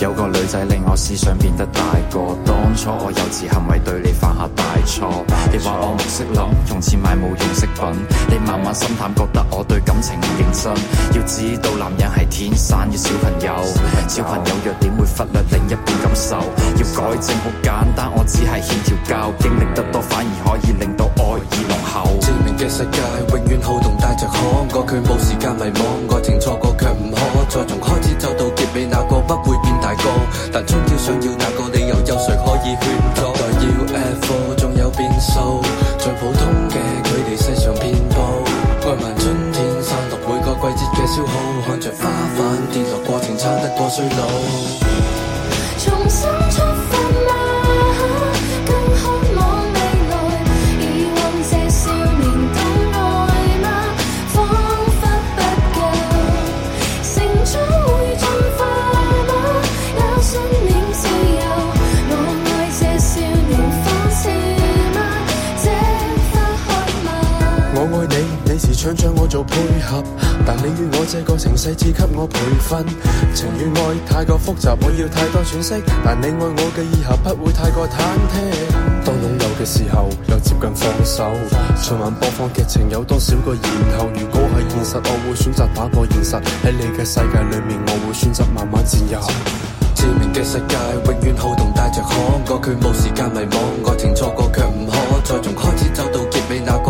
有個女仔令我思想變得大個，當初我幼稚行為對你犯下大錯。你話我唔識諗，用錢買冇用飾品，你慢慢心淡覺得我對感情唔認真。要知道男人係天生嘅小朋友，小朋友弱點會忽略另一半感受。要改正好簡單，我只係欠調教，經歷得多反而可以令到愛意濃厚。致命嘅世界永遠好動帶著可愛，佢冇時間迷惘，愛情錯過卻唔可再，從開始走到結尾，哪個不會變大？大哥，但春嬌想要那個理由？有誰可以勸阻？等待 UFO，仲有變數，最普通嘅，佢哋世上遍布。愛問春天散落每個季節嘅消耗，看着花瓣跌落過程，差得過衰老。重新出。搶著我做配合，但你與我這個城市只給我培訓。情與愛太過複雜，我要太多喘息。但你愛我嘅以後不會太過忐忑。當擁有嘅時候又接近放手。循環播放劇情有多少個，然後如果係現實，我會選擇打破現實。喺你嘅世界裏面，我會選擇慢慢自由。知命嘅世界永遠好動，帶着看個佢冇時間迷茫。愛情錯過卻唔可，再從開始走到結尾那個。